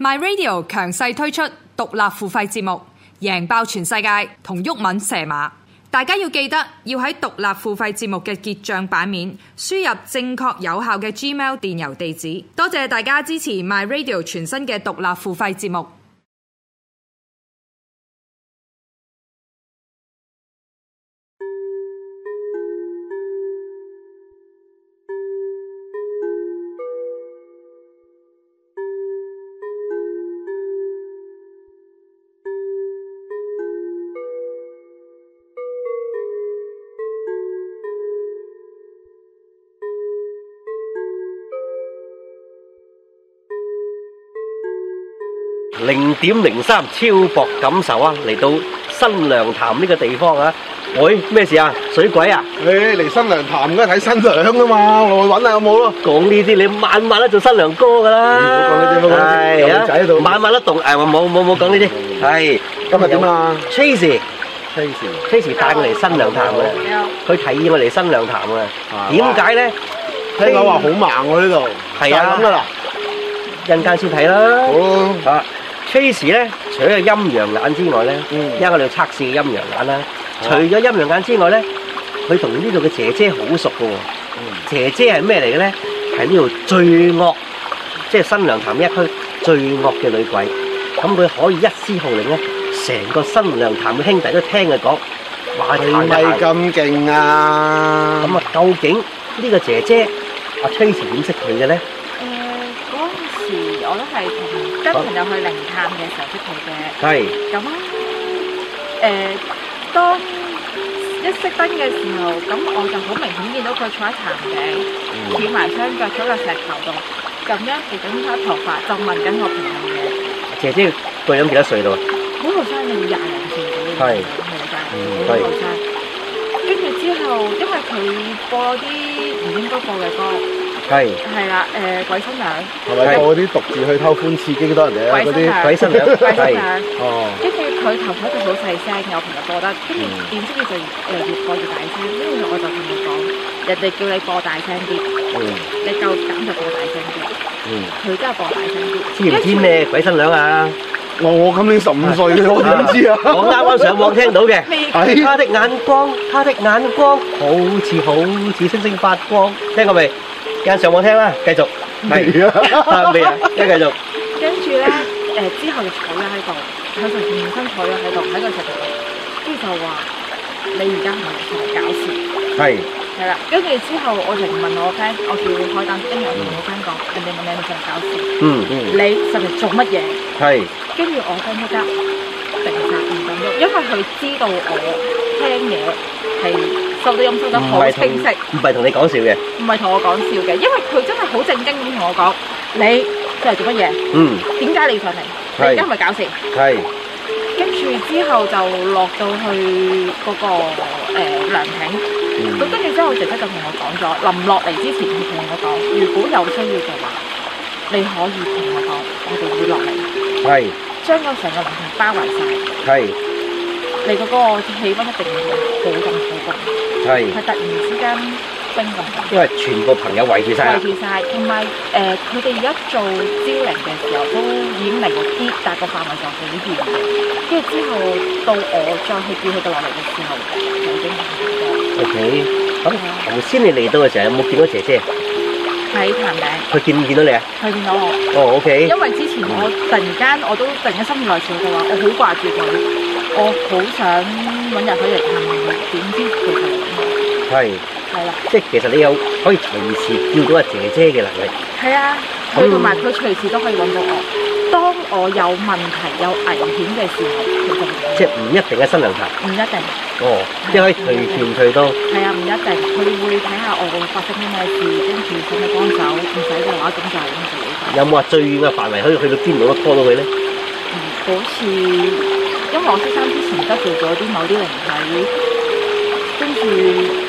My Radio 強勢推出獨立付費節目，贏爆全世界同毓民蛇馬。大家要記得要喺獨立付費節目嘅結帳版面輸入正確有效嘅 Gmail 電郵地址。多謝大家支持 My Radio 全新嘅獨立付費節目。點零三超薄感受啊！嚟到新娘潭呢個地方啊，喂，咩事啊？水鬼啊？你，嚟新娘潭梗睇新娘啊嘛，我去搵下有冇咯。講呢啲你晚晚都做新娘哥噶啦，係啊，晚晚都動誒，冇冇冇講呢啲，係今日點啊？Chase，Chase，Chase 帶我嚟新娘潭嘅，佢提議我嚟新娘潭嘅，點解咧？聽講話好盲我呢度，係啊咁噶啦，陣間先睇啦，吓。崔氏咧，除咗有陰陽眼之外咧，因為我哋測試嘅陰陽眼啦。除咗陰陽眼之外咧，佢同呢度嘅姐姐好熟嘅喎。姐姐係咩嚟嘅咧？係呢度最惡，即係新娘潭一區最惡嘅女鬼。咁佢可以一絲號令咧，成個新娘潭嘅兄弟都聽佢講話。係咪咁勁啊？咁啊，究竟呢個姐姐阿崔氏點識佢嘅咧？誒，嗰陣時我都係同。跟朋友去靈探嘅時候識佢嘅，咁誒當一熄燈嘅時候，咁我就好明顯見到佢坐喺牆頂，倚埋雙腳坐喺個石頭度，咁樣撥緊佢啲頭髮，就問緊我朋友嘢。頭先佢飲幾多水咯？好後生廿零歲。係，唔該。跟住之後，因為佢播啲唔應該播嘅歌。係，係啦，誒鬼新娘，係咪做嗰啲獨自去偷歡刺激多人哋咧？鬼新娘，鬼新娘，哦，跟住佢頭髮就好細聲，我平日播得，點知佢就越播越大聲，因為我就同你講，人哋叫你播大聲啲，你夠膽就播大聲啲，佢真係播大聲啲。知唔知咩鬼新娘啊？我我今年十五歲，我點知啊？我啱啱上網聽到嘅，係他的眼光，他的眼光，好似好似星星發光，聽過未？而家上網聽啦，繼續，未啊，未啊，一繼續。跟住咧，誒之後就坐咗喺度，佢就現身坐咗喺度喺個食度。跟住就話你而家係咪想搞事？係。係啦，跟住之後我就問我聽，我哋開燈因為我冇聲講，人哋問你係咪想搞事？嗯嗯。你實係做乜嘢？係。跟住我跟得得，成日變咁樣，因為佢知道我聽嘢係。收得音收得好清晰，唔係同你講笑嘅，唔係同我講笑嘅，因為佢真係好正經咁同我講，你即係做乜嘢？嗯，點解你上嚟？你而家係咪搞事？係。跟住之後就落到去嗰個誒涼亭，咁跟住之後直接就同我講咗，臨落嚟之前佢同我講，如果有需要嘅話，你可以同我講，我哋會落嚟，係，將嗰成個涼亭包圍晒，係。你嗰個氣温一定會好凍，好凍，係佢突然之間冰咁。因為全部朋友圍住晒，圍住晒，同埋誒佢哋而家做招靈嘅時候都已經明啲大個範圍嘅狀況點變嘅。跟住之後到我再去叫佢嘅落嚟嘅時候，就已經係 OK。咁頭先你嚟到嘅時候有冇見到姐姐，喺潭嘅？佢見唔見到你啊？佢見到我。哦，OK。因為之前我突然間我都突然間心血來潮，佢話，我好掛住佢。我好想搵日去嚟探佢，點知佢係係啦，是了即係其實你有可以隨時叫到阿姐姐嘅能力，係啊，佢同埋佢隨時都可以搵到我。當我有問題有危險嘅時候，佢就會即係唔一定喺新娘潭，唔一定哦，即係隨傳隨到。係啊，唔一定，佢會睇下我會發生啲咩事，跟住想去幫手，唔使嘅話咁就唔會。有冇話最遠嘅範圍可以去到邊度都拖到佢咧、嗯？好似。《音樂先生》之前得罪咗啲某啲靈體，跟住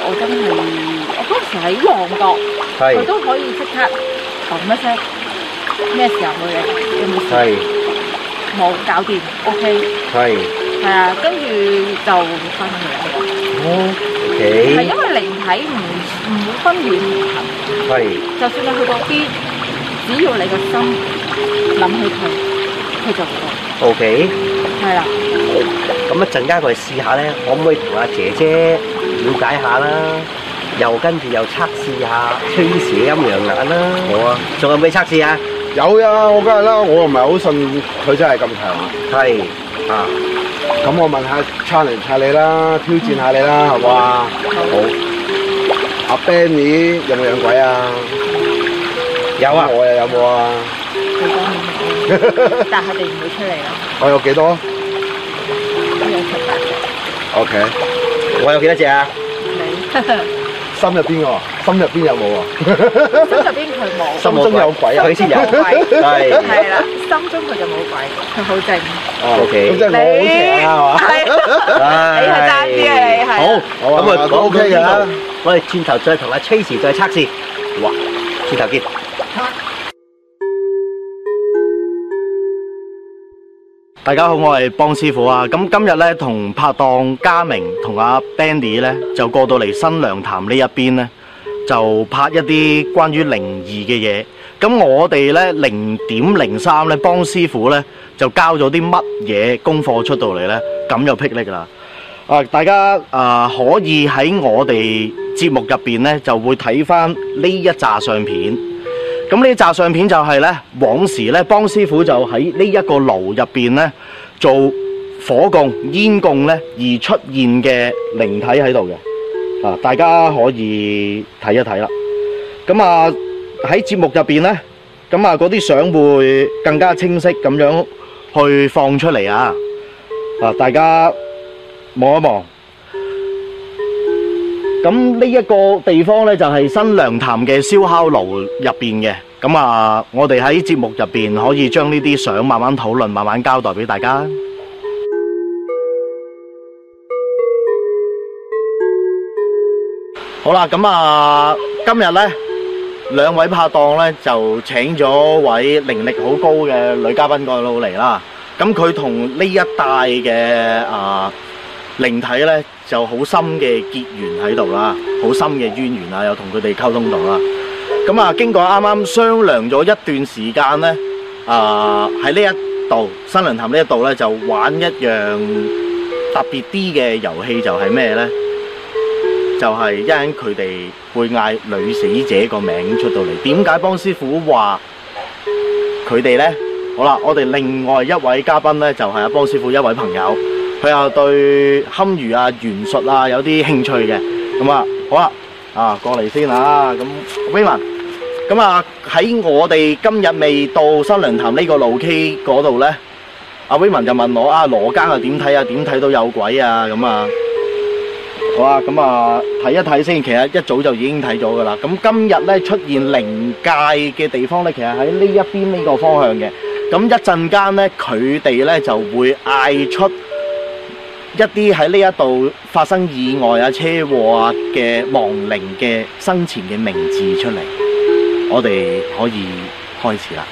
我真係，我嗰陣時喺旺角，我都可以即刻講一聲，咩時候冇嘢？有冇事？冇搞掂，OK，係啊，跟住就翻返嚟。OK，係因為靈體唔唔會分遠近，就算你去過邊，只要你個心諗起佢，佢就嚟。OK，係啦。咁一陣間我嚟試下咧，可唔可以同阿姐姐了解下啦？又跟住又測試下吹蛇音量啊啦！好啊，仲有未測試啊？有呀，我梗係啦，我又唔係好信佢真係咁強。係啊，咁我問下 challenge 下你啦，挑戰下你啦，好唔好？好。阿 Benny 有冇養鬼啊？有啊，我又有冇啊？幾多？但係佢唔會出嚟咯。我有幾多？O K，我有幾多隻啊？你，心入邊個？心入邊有冇啊？心入邊佢冇，心中有鬼佢先有鬼，係係啦，心中佢就冇鬼，佢好正。O K，你係單啲你係，好，咁啊講咁多，我哋轉頭再同阿 Chase 再測試。哇，轉頭見。大家好，我係邦師傅啊！咁今日咧，同拍檔珈名同阿 Benny 咧，就過到嚟新娘潭呢一邊咧，就拍一啲關於靈異嘅嘢。咁我哋咧靈點靈3咧，邦師傅咧就交咗啲乜嘢功課出到嚟咧，咁就霹靂㗎喇！啊，大家啊，可以喺我哋節目入邊咧，就會睇翻呢一紮相片。咁呢啲紮相片就係呢，往時呢，邦師傅就喺呢一個爐入邊呢做火供煙供呢而出現嘅靈體喺度嘅，啊，大家可以睇一睇啦。咁啊喺節目入邊呢，咁啊嗰啲相會更加清晰咁樣去放出嚟啊！啊，大家望一望。咁呢一個地方咧，就係新娘潭嘅燒烤爐入邊嘅，咁啊，我哋喺節目入邊可以將呢啲相慢慢討論，慢慢交代俾大家。好啦，咁啊，今日咧，兩位拍檔咧，就請咗位靈力好高嘅女嘉賓過到嚟啦，咁佢同呢一帶嘅啊。靈體咧就好深嘅結緣喺度啦，好深嘅淵源啊，又同佢哋溝通到啦。咁啊，經過啱啱商量咗一段時間咧，啊喺呢一度新娘潭呢一度咧，就玩一樣特別啲嘅遊戲，就係咩咧？就係、是、一陣佢哋會嗌女死者個名出到嚟。點解邦師傅話佢哋咧？好啦，我哋另外一位嘉賓咧，就係阿邦師傅一位朋友。佢又對堪輿啊、玄術啊有啲興趣嘅，咁啊好啦，啊過嚟先啊，咁偉文，咁啊喺我哋今日未到新娘潭呢個路 K 嗰度咧，阿偉文就問我啊，羅珈啊，點睇啊？點睇到有鬼啊？咁啊，好啊，咁啊睇一睇先，其實一早就已經睇咗噶啦，咁今日咧出現靈界嘅地方咧，其實喺呢一邊呢個方向嘅，咁一陣間咧，佢哋咧就會嗌出。一啲喺呢一度發生意外啊、車禍啊嘅亡靈嘅生前嘅名字出嚟，我哋可以開始啦。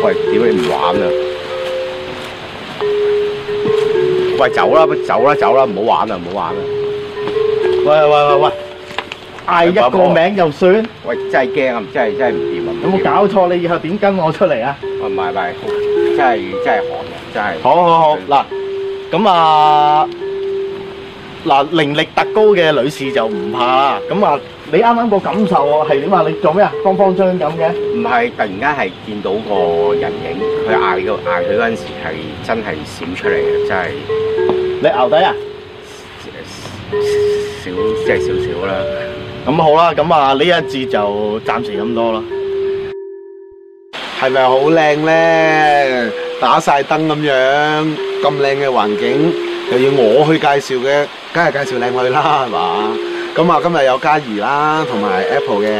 喂，點解唔玩啊？喂，走啦，走啦，走啦，唔好玩啦，唔好玩啦！喂喂喂喂，嗌一個名就算。喂，真係驚啊，真係真係唔掂啊！有冇搞錯？你以後點跟我出嚟啊？喂，唔係唔係，真係真係寒，真係。好好好，嗱，咁啊，嗱，靈力特高嘅女士就唔怕，咁啊。你啱啱個感受啊，係點話，你做咩啊，慌慌張張咁嘅？唔係，突然間係見到個人影，佢嗌個嗌佢嗰陣時係真係閃出嚟嘅，真係。你牛底啊？少即係少少啦。咁好啦，咁啊呢一節就暫時咁多啦。係咪好靚咧？打晒燈咁樣，咁靚嘅環境，又要我去介紹嘅，梗係介紹靚女啦，係嘛？咁啊，今日有嘉怡啦，同埋 Apple 嘅。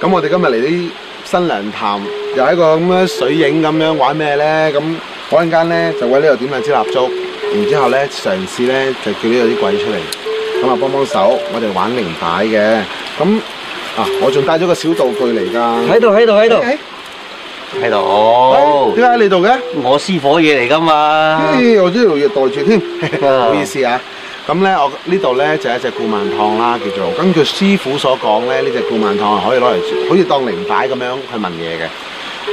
咁我哋今日嚟啲新娘潭，又係一個咁樣水影咁樣玩咩咧？咁嗰陣間咧就喺呢度點下支蠟燭，然之後咧嘗試咧就叫呢度啲鬼出嚟，咁啊幫幫手，我哋玩靈擺嘅。咁啊，我仲帶咗個小道具嚟噶。喺度，喺度，喺度，喺度。點解喺你度嘅？我施火嘢嚟噶嘛。咦，我啲爐藥袋住添，唔好意思啊。咁咧，我呢度咧就係一隻古曼童啦，叫做根據師傅所講咧，呢隻古曼童係可以攞嚟，好似當靈擺咁樣去問嘢嘅。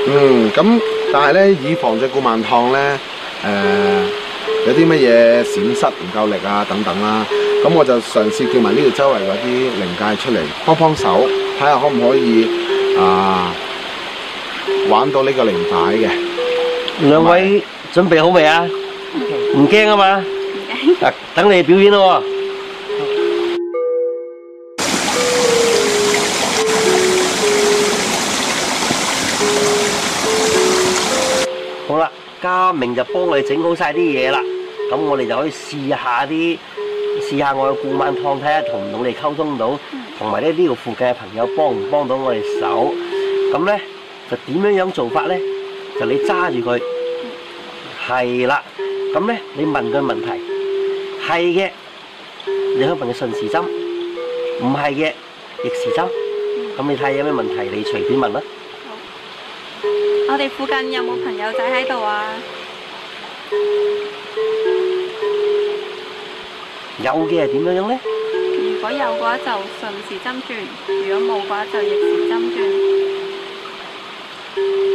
嗯，咁但係咧，以防隻古曼童咧，誒有啲乜嘢閃失唔夠力啊等等啦。咁我就嘗試叫埋呢度周圍嗰啲靈界出嚟幫幫手，睇下可唔可以啊玩到呢個靈擺嘅。兩位準備好未啊？唔驚啊嘛！等你表演咯！好啦，嘉明就幫我整好晒啲嘢啦，咁我哋就可以試下啲，試下我嘅古曼童，睇下同唔同你溝通到，同埋咧呢度附近嘅朋友幫唔幫到我哋手？咁咧就點樣樣做法咧？就你揸住佢，係啦，咁咧你問佢問題。係嘅，你可以問佢順時針，唔係嘅逆時針。咁你睇下有咩問題，你隨便問啦。我哋附近有冇朋友仔喺度啊？有嘅係點樣樣咧？如果有嘅話就順時針轉，如果冇嘅話就逆時針轉。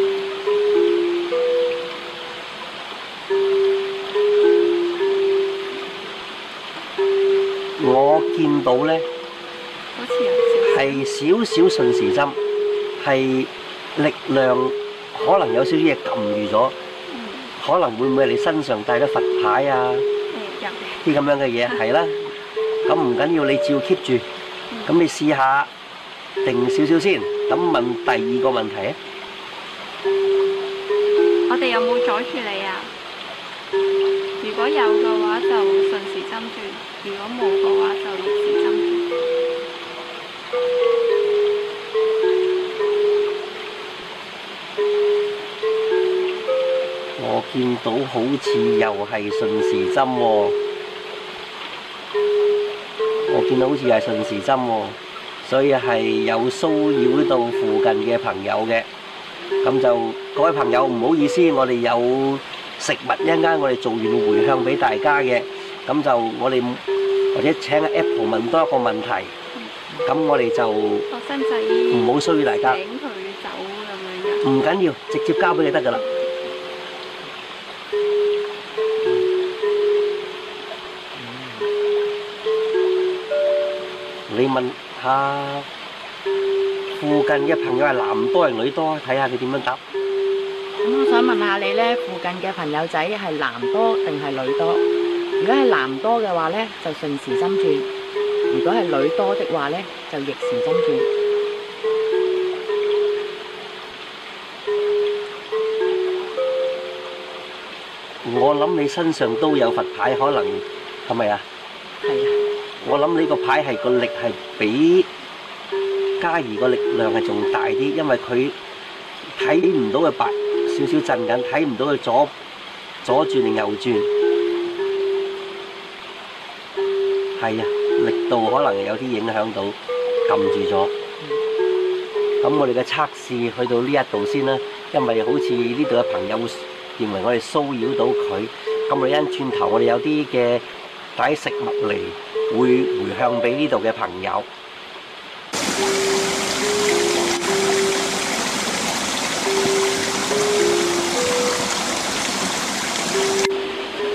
見到咧，好似係少少順時針，係力量可能有少少嘢撳住咗，可能會唔會你身上帶咗佛牌啊？啲咁樣嘅嘢係啦，咁唔緊要，你照 keep 住，咁你試下定少少先，咁問第二個問題啊？我哋有冇阻住你啊？如果有嘅話，就順時針轉。如果冇嘅話，就順時針。我見到好似又係順時針喎，我見到好似係順時針喎，所以係有騷擾到附近嘅朋友嘅。咁就各位朋友唔好意思，我哋有食物一陣間，我哋做完回向俾大家嘅。咁就我哋或者請 Apple 問多一個問題，咁我哋就唔好騷擾大家。唔緊要，直接交俾你得噶啦。你問下附近嘅朋友係男多定女多？睇下佢點樣答。咁我想問下你咧，附近嘅朋友仔係男多定係女多？如果係男多嘅話咧，就順時針轉；如果係女多的話咧，就逆時針轉。我諗你身上都有佛牌，可能係咪啊？係啊！我諗呢個牌係個力係比嘉怡個力量係仲大啲，因為佢睇唔到，佢白少少震緊，睇唔到佢左左轉定右轉。係啊，力度可能有啲影響到，撳住咗。咁我哋嘅測試去到呢一度先啦，因為好似呢度嘅朋友會認為我哋騷擾到佢。咁我一轉頭，我哋有啲嘅帶食物嚟，會回向俾呢度嘅朋友。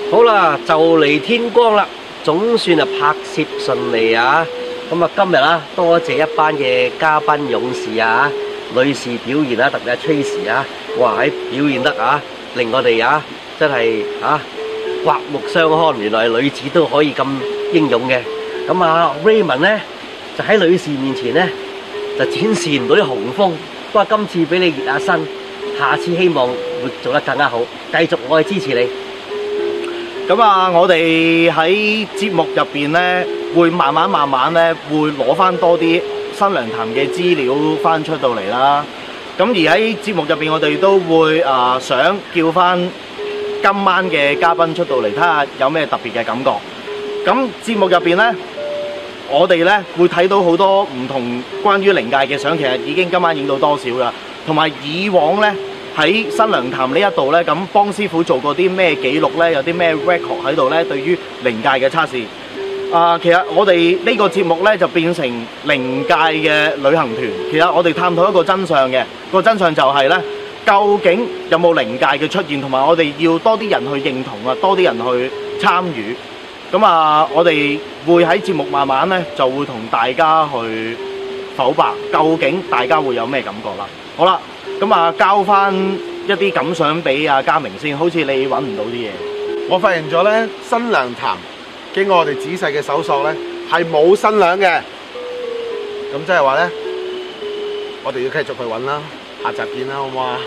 好啦，就嚟天光啦！總算係拍攝順利啊，咁啊今日啊多謝一班嘅嘉賓勇士啊女士表現啦，特別係 Tracy 啊，哇喺表現得啊令我哋啊真係啊刮目相看，原來女子都可以咁英勇嘅。咁啊 Raymond 咧，就喺女士面前咧就展示唔到啲雄風。不過今次俾你熱下身，下次希望會做得更加好，繼續我哋支持你。咁啊！我哋喺節目入邊咧，會慢慢慢慢咧，會攞翻多啲新娘潭嘅資料翻出到嚟啦。咁而喺節目入邊，我哋都會啊、呃、想叫翻今晚嘅嘉賓出到嚟，睇下有咩特別嘅感覺。咁節目入邊咧，我哋咧會睇到好多唔同關於靈界嘅相，其實已經今晚影到多少噶，同埋以往咧。喺新娘潭呢一度咧，咁邦師傅做過啲咩記錄咧？有啲咩 record 喺度咧？對於靈界嘅測試啊，其實我哋呢個節目咧就變成靈界嘅旅行團。其實我哋探討一個真相嘅個真相就係咧，究竟有冇靈界嘅出現，同埋我哋要多啲人去認同啊，多啲人去參與。咁啊，我哋會喺節目慢慢咧就會同大家去剖白，究竟大家會有咩感覺啦？好啦。咁啊，交翻一啲感想俾阿珈名先。好似你揾唔到啲嘢，我發現咗咧新娘潭，經過我哋仔細嘅搜索咧，係冇新娘嘅。咁即係話咧，我哋要繼續去揾啦。下集見啦，好唔好啊？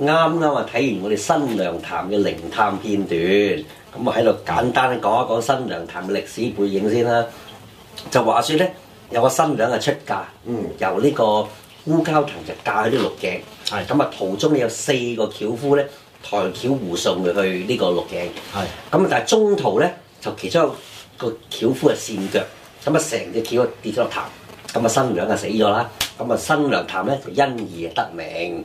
啱啱啊睇完我哋新娘潭嘅靈探片段，咁啊喺度簡單講一講新娘潭嘅歷史背景先啦。就話說咧，有個新娘嘅出嫁，嗯，由呢個烏蛟騰就嫁喺啲鹿頸，係咁啊途中有四個轎夫咧抬轎護送佢去呢個鹿頸，係咁是但係中途咧就其中一個轎夫啊跣腳，咁啊成隻轎跌咗落潭，咁啊新娘就死咗啦，咁啊新娘潭咧就因而得名。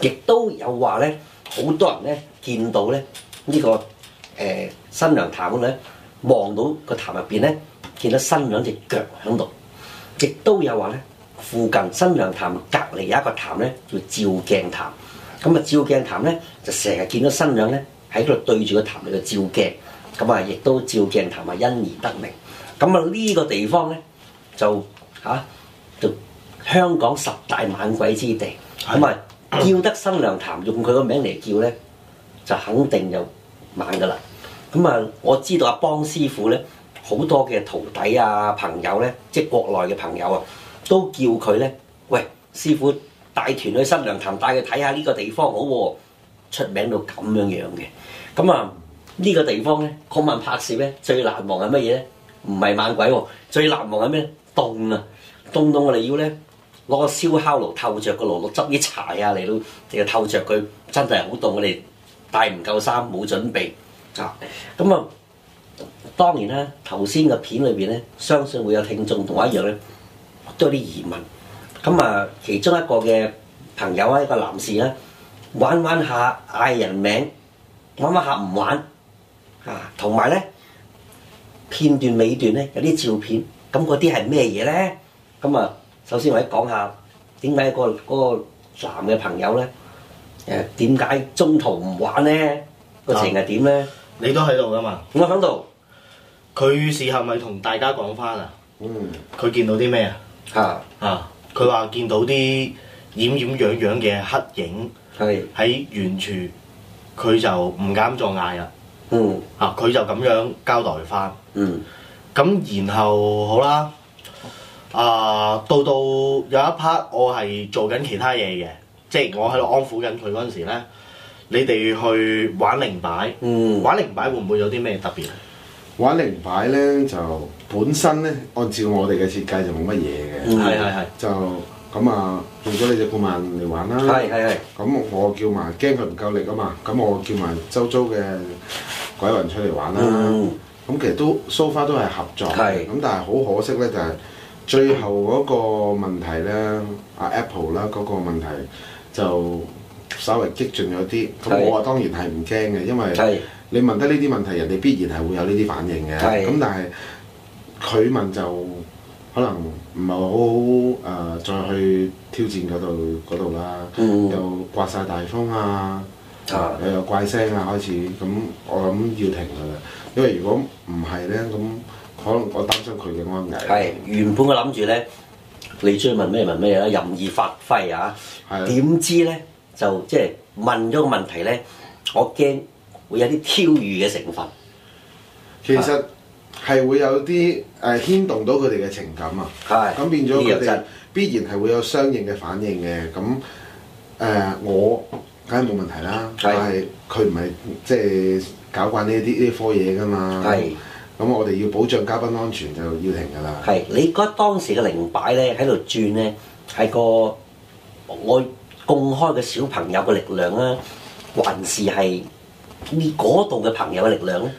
亦都有話咧，好多人咧見到咧呢、這個誒、呃、新娘潭嗰度咧，望到個潭入邊咧見到新娘隻腳喺度。亦都有話咧，附近新娘潭隔離有一個潭咧叫照鏡潭。咁、嗯、啊，照鏡潭咧就成日見到新娘咧喺度對住個潭嚟度照鏡。咁、嗯、啊，亦、嗯、都照鏡潭啊因而得名。咁、嗯、啊，呢、這個地方咧就嚇、啊、就、啊、就香港十大猛鬼之地，係、嗯、咪？叫得新娘潭用佢個名嚟叫咧，就肯定就猛㗎喇。咁啊，我知道阿邦師傅咧，好多嘅徒弟啊、朋友咧，即係國內嘅朋友啊，都叫佢咧，喂，師傅帶團去新娘潭，帶佢睇下呢個地方好喎、哦，出名到咁樣樣嘅。咁啊，呢、這個地方咧嗰晚拍攝咧，最難忘係乜嘢咧？唔係猛鬼、哦，最難忘係咩？凍啊，凍凍我哋要咧。攞個燒烤爐，透着個爐爐，執啲柴啊嚟到，就透着佢，真係好凍，我哋帶唔夠衫，冇準備啊！咁啊，當然啦，頭先嘅片裏邊咧，相信會有聽眾同我一樣咧，都有啲疑問。咁啊，其中一個嘅朋友啊，一個男士咧，玩玩下嗌人名，玩玩下唔玩啊，同埋咧，片段尾段咧有啲照片，咁嗰啲係咩嘢咧？咁啊～首先我喺講下點解，嗰個，嗰個男嘅朋友咧，誒點解中途唔玩咧？個情係點咧？你都喺度噶嘛？我喺度。佢事後咪同大家講翻，嗯，啊？嗯。佢見到啲咩啊？嚇嚇。佢話見到啲隱隱約約嘅黑影。係。喺原處，佢就唔敢再嗌啦。嗯。啊！佢就咁樣交代翻。嗯。咁，嗯，然後好啦。啊！到到有一 part 我係做緊其他嘢嘅，即係我喺度安撫緊佢嗰陣時咧，你哋去玩靈擺，玩靈擺會唔會有啲咩特別？玩靈擺咧就本身咧，按照我哋嘅設計就冇乜嘢嘅，係係係。就咁啊，用咗你隻顧問嚟玩啦，係係係。咁我叫埋驚佢唔夠力啊嘛，咁我叫埋周遭嘅鬼魂出嚟玩啦。咁其實都 so far 都係合作嘅，咁但係好可惜咧，就係。最後嗰個問題呢，阿 Apple 啦嗰個問題就稍微激進咗啲。咁是我話當然係唔驚嘅，因為你問得呢啲問題，人哋必然係會有呢啲反應嘅。咁是但係佢問就可能唔係好誒、呃，再去挑戰嗰度嗰度啦，嗯、又刮晒大風啊，啊又有怪聲啊，開始咁，我諗要停佢啦。因為如果唔係呢。咁。可能我擔心佢嘅安危。係原本我諗住咧，你中意問咩問咩啦，任意發揮啊！點係知咧就即係、就係、問咗個問題咧，我驚會有啲挑釁嘅成分。其實係會有啲誒牽動到佢哋嘅情感啊！係咁係變咗佢哋必然係會有相應嘅反應嘅。咁誒、呃、我梗係冇問題啦。係但係佢唔係即係搞慣呢啲呢科嘢㗎嘛。係。咁我哋要保障嘉賓安全，就要停㗎啦。係，你覺得當時嘅靈擺咧喺度轉咧，係個我公開嘅小朋友嘅力量啦、啊，還是係呢度嘅朋友嘅力量咧、啊？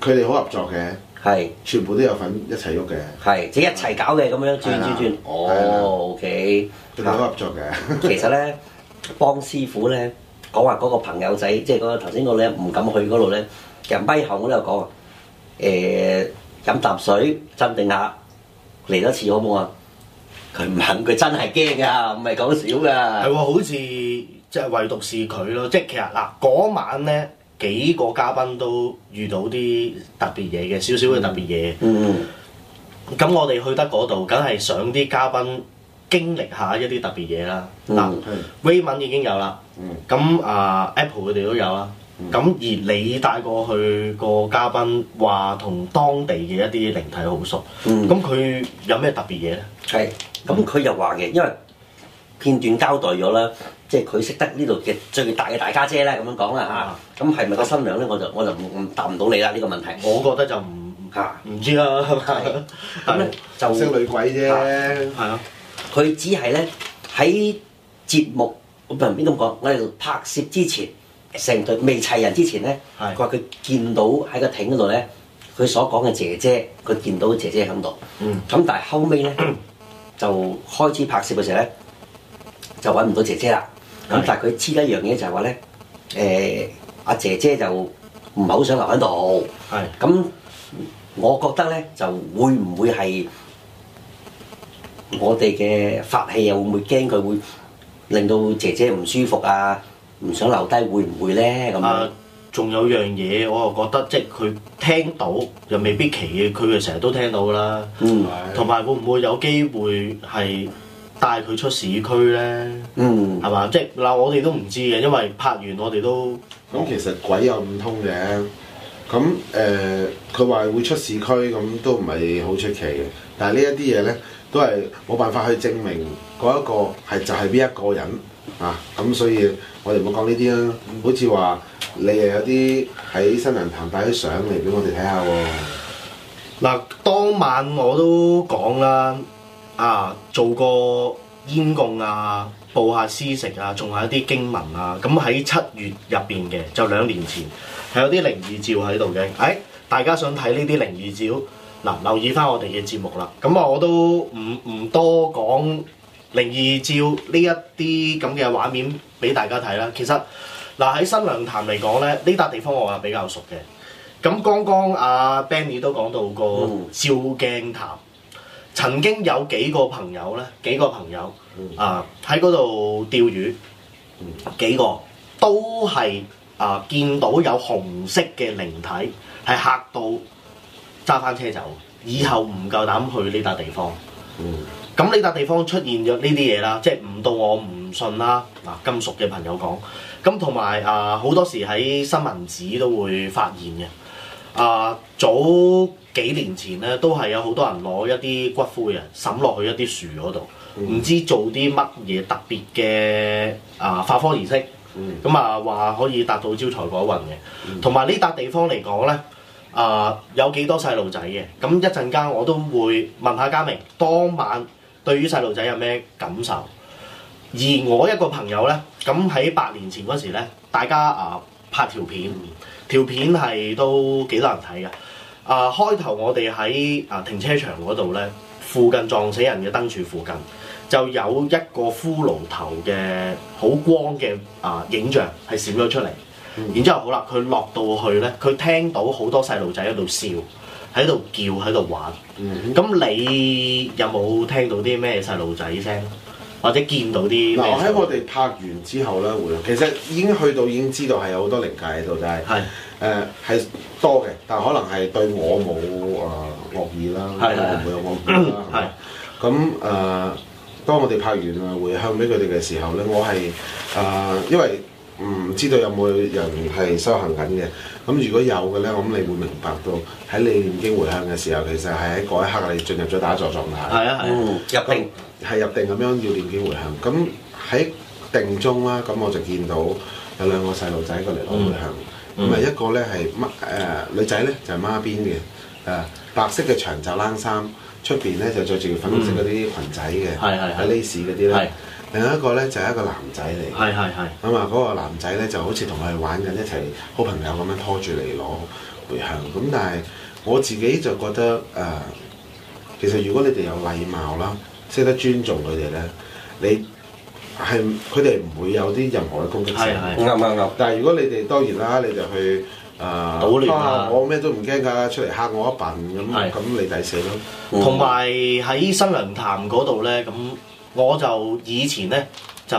佢哋好合作嘅，係是全部都有份一齊喐嘅，係即係一齊搞嘅咁樣轉轉的轉。的哦的，OK，大家合作嘅。 其實咧，幫師傅咧講話嗰個朋友仔，即係嗰頭先嗰個唔敢去嗰度咧，其實咪後我都有講。誒飲啖水鎮定下，嚟多次好唔好啊？佢唔肯，佢真係驚噶，唔係講笑噶。係喎，好似即係唯獨是佢咯。即係其實嗱，嗰晚咧幾個嘉賓都遇到啲特別嘢嘅，少少嘅特別嘢。嗯。咁我哋去得嗰度，梗係想啲嘉賓經歷下一啲特別嘢啦。嗱、嗯啊、，Raymond 已經有啦。嗯。咁啊，Apple 佢哋都有啦。咁而你帶過去個嘉賓話同當地嘅一啲靈體好熟，咁佢、嗯、有咩特別嘢咧？係，咁佢又話嘅，因為片段交代咗啦，即係佢識得呢度嘅最大嘅大家姐咧，咁樣講啦嚇。咁係咪個新娘咧？我就我就唔答唔到你啦呢、呢個問題。 我覺得就唔嚇，唔知啦，係咪？咁就識女鬼啫，係啊的！佢只係咧喺節目，我旁邊咁講，我哋拍攝之前。成隊未齊人之前咧，佢話佢見到喺個艇度咧，佢所講嘅姐姐，佢見到姐姐響度。咁、嗯、但係後尾咧 就開始拍攝嘅時候咧，就揾唔到姐姐啦。咁是的 但係佢知一樣嘢就係話咧，誒、呃、阿、啊、姐姐就唔係好想留喺度。咁是的、嗯、我覺得咧就會唔會係我哋嘅法器又會唔會驚佢會令到姐姐唔舒服啊？唔想留低，會唔會呢？咁啊，仲有樣嘢，我又覺得即係佢聽到又未必奇嘅，佢嘅成日都聽到噶啦。嗯，同埋會唔會有機會係帶佢出市區呢？嗯，係嘛？即係嗱，我哋都唔知嘅，因為拍完我哋都咁、嗯、其實鬼又唔通嘅。咁誒，佢、呃、話會出市區，咁都唔係好出奇嘅。但係呢一啲嘢呢，都係冇辦法去證明嗰一個係就係邊一個人啊。咁所以。我哋唔好講呢啲啦，好似話你又有啲喺新娘潭帶啲相嚟俾我哋睇下喎。嗱，當晚我都講啦，啊，做個煙供啊，布下施食啊，仲係一啲經文啊。咁喺七月入邊嘅，就兩年前係有啲靈異照喺度嘅。誒、哎，大家想睇呢啲靈異照？嗱、啊，留意翻我哋嘅節目啦。咁啊，我都唔唔多講靈異照呢一啲咁嘅畫面。俾大家睇啦，其實嗱喺新娘潭嚟講咧，呢笪地方我係比較熟嘅。咁剛剛阿 Benny 都講到個照鏡潭，曾經有幾個朋友咧，幾個朋友啊喺嗰度釣魚，幾個都係啊、呃、見到有紅色嘅靈體，係嚇到揸翻車走，以後唔夠膽去呢笪地方。嗯，咁呢笪地方出現咗呢啲嘢啦，即係唔到我唔。信啦，嗱，金屬嘅朋友講，咁同埋啊，好、呃、多時喺新聞紙都會發現嘅，啊、呃，早幾年前咧都係有好多人攞一啲骨灰啊，抌落去一啲樹嗰度，唔、嗯、知做啲乜嘢特別嘅啊，法、呃、科儀式，咁啊話可以達到招財改運嘅，同埋呢笪地方嚟講咧，啊、呃，有幾多細路仔嘅，咁一陣間我都會問下珈名，當晚對於細路仔有咩感受？而我一個朋友咧，咁喺八年前嗰時咧，大家啊拍條片，條片係都幾多人睇嘅。啊開頭我哋喺啊停車場嗰度咧，附近撞死人嘅燈柱附近，就有一個骷髏頭嘅好光嘅啊影像係閃咗出嚟。嗯、哼然之後好啦，佢落到去咧，佢聽到好多細路仔喺度笑，喺度叫，喺度玩。咁、嗯、哼你有冇聽到啲咩細路仔聲？或者見到啲嗱，喺我哋拍完之後咧，會 其實已經去到已經知道係有好多靈界喺度，就係係誒係多嘅，但可能係對我冇誒惡意啦，係係唔會有惡意啦。係咁誒，當我哋拍完啊回向俾佢哋嘅時候咧，我係誒、呃，因為唔知道有冇人係修行緊嘅。咁如果有嘅咧，咁你會明白到喺你念經回向嘅時候，其實係喺嗰一刻你進入咗打坐狀態。係啊係，入定。係入定，咁樣要念經回向，咁喺定中啦，咁我就見到有兩個細路仔過嚟攞回向，咁啊、嗯、一個咧係誒女仔咧就孖辮嘅誒白色嘅長袖冷衫，出邊咧就着住粉紅色嗰啲裙仔嘅，係係喺 lace 嗰啲咧。另一個咧就係、係、一個男仔嚟，係係係。咁啊嗰個男仔咧就好似同佢哋玩緊一齊好朋友咁樣拖住嚟攞回向，咁但係我自己就覺得誒、呃，其實如果你哋有禮貌啦。識得尊重佢哋咧，你係佢哋唔會有啲任何嘅攻擊性。啱啱啱！嗯嗯、但係如果你哋當然啦，你就去、呃、亂啊看看，搗亂啦。我咩都唔驚㗎，出嚟嚇我一笨咁，咁是 你抵死咯。同埋喺新良潭新娘潭嗰度咧，咁我就以前咧就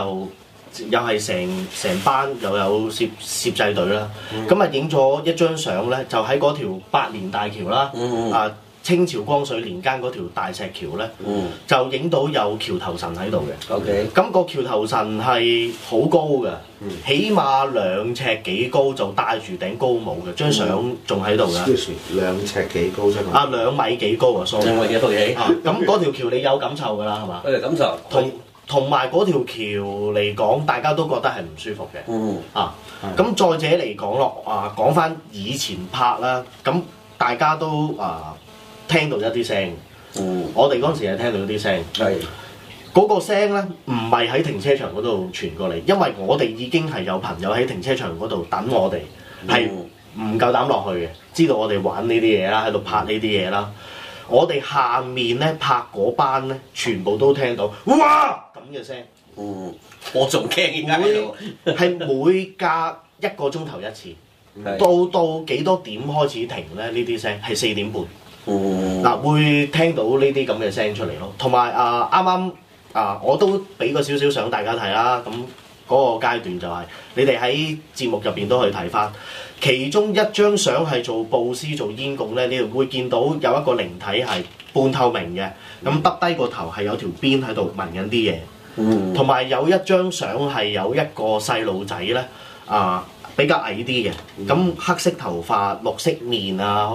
又係成成班又有攝攝製隊啦，咁啊影咗一張相咧，就喺嗰條百年大橋啦，啊、嗯！嗯清朝光緒年間嗰條大石橋咧，就影到有橋頭神喺度嘅。OK，咁個橋頭神係好高嘅，起碼兩尺幾高就戴住頂高帽嘅，張相仲喺度嘅。兩尺幾高啫嘛？啊，兩米幾高啊，數兩米幾高起嚇。咁嗰條橋你有感受㗎啦，係嘛？有感受。同同埋嗰條橋嚟講，大家都覺得係唔舒服嘅。嗯。啊，咁再者嚟講咯啊，講返以前拍啦，咁大家都啊～聽到一啲聲，嗯、我哋嗰陣時係聽到一啲聲。係嗰是個聲呢，唔係喺停車場嗰度傳過嚟，因為我哋已經係有朋友喺停車場嗰度等我哋，係唔夠膽落去嘅。知道我哋玩呢啲嘢啦，喺度拍呢啲嘢啦。我哋下面呢，拍嗰班呢，全部都聽到。哇！咁嘅聲、嗯，我仲驚緊係每隔一個鐘頭一次，是到到幾多點開始停呢？呢啲聲係四點半。嗱，嗯、會聽到呢啲咁嘅聲出嚟咯，同埋啊，啱啱啊，我都俾個少少相大家睇啦，咁嗰個階段就係、是、你哋喺節目入邊都可以睇翻，其中一張相係做布施做煙供咧，你會見到有一個靈體係半透明嘅，咁耷、嗯、低個頭係有條鞭喺度聞緊啲嘢，同埋、嗯、有一張相係有一個細路仔咧，啊、呃，比較矮啲嘅，咁、嗯、黑色頭髮、綠色面啊。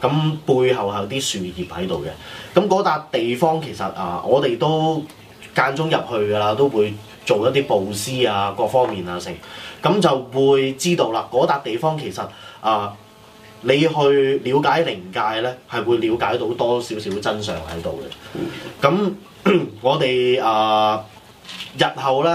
咁、嗯、背後係有啲樹葉喺度嘅，咁嗰笪地方其實啊，我哋都間中入去㗎啦，都會做一啲佈施啊，各方面啊成，咁就會知道啦。嗰、那、笪、個、地方其實啊，你去了解靈界咧，係會了解到多少少真相喺度嘅。咁 我哋啊，日後咧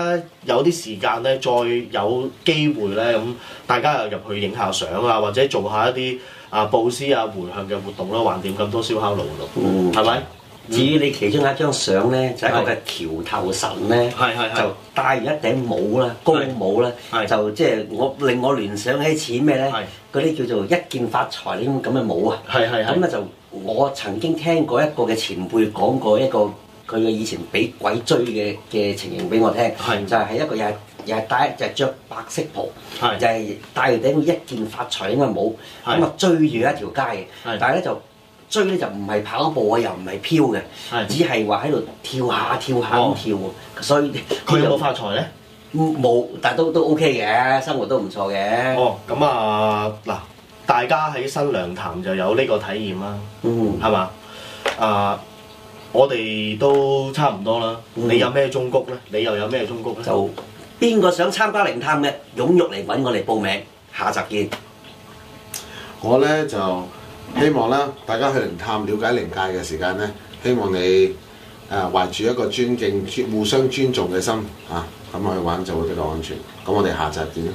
有啲時間咧，再有機會咧，咁、嗯、大家又入去影下相啊，或者做下一啲。啊，佈施啊，回向嘅活動啦，橫掂咁多燒烤爐嗯，係咪吧？嗯、至於你其中一張相咧，是就一個嘅橋頭神咧，就戴住一頂帽啦，高帽啦，就即、是、係我令我聯想起似咩咧？嗰啲是叫做一見發財呢種咁嘅帽啊，咁啊就我曾經聽過一個嘅前輩講過一個。佢嘅以前俾鬼追嘅嘅情形俾我聽，的就係一個又係又係戴又係着白色袍，就係的戴頂一件發財咁嘅帽，咁啊的追住一條街嘅。但係咧就追咧就唔係跑步啊，又唔係飄嘅，只係話喺度跳下跳下咁跳。所以佢有冇發財咧？冇，但係都都 OK 嘅，生活都唔錯嘅。哦，咁啊嗱，大家喺新娘潭就有呢個體驗啦，係嘛？啊、嗯！嗯。我哋都差唔多啦，你有咩忠告呢？你又有咩忠告咧？就邊個想參加靈探嘅，踴躍嚟揾我哋報名，下集見。我呢，就希望啦，大家去靈探了解靈界嘅時間呢，希望你誒懷住一個尊敬、互相尊重嘅心啊，咁去玩就會比較安全。咁我哋下集見啦。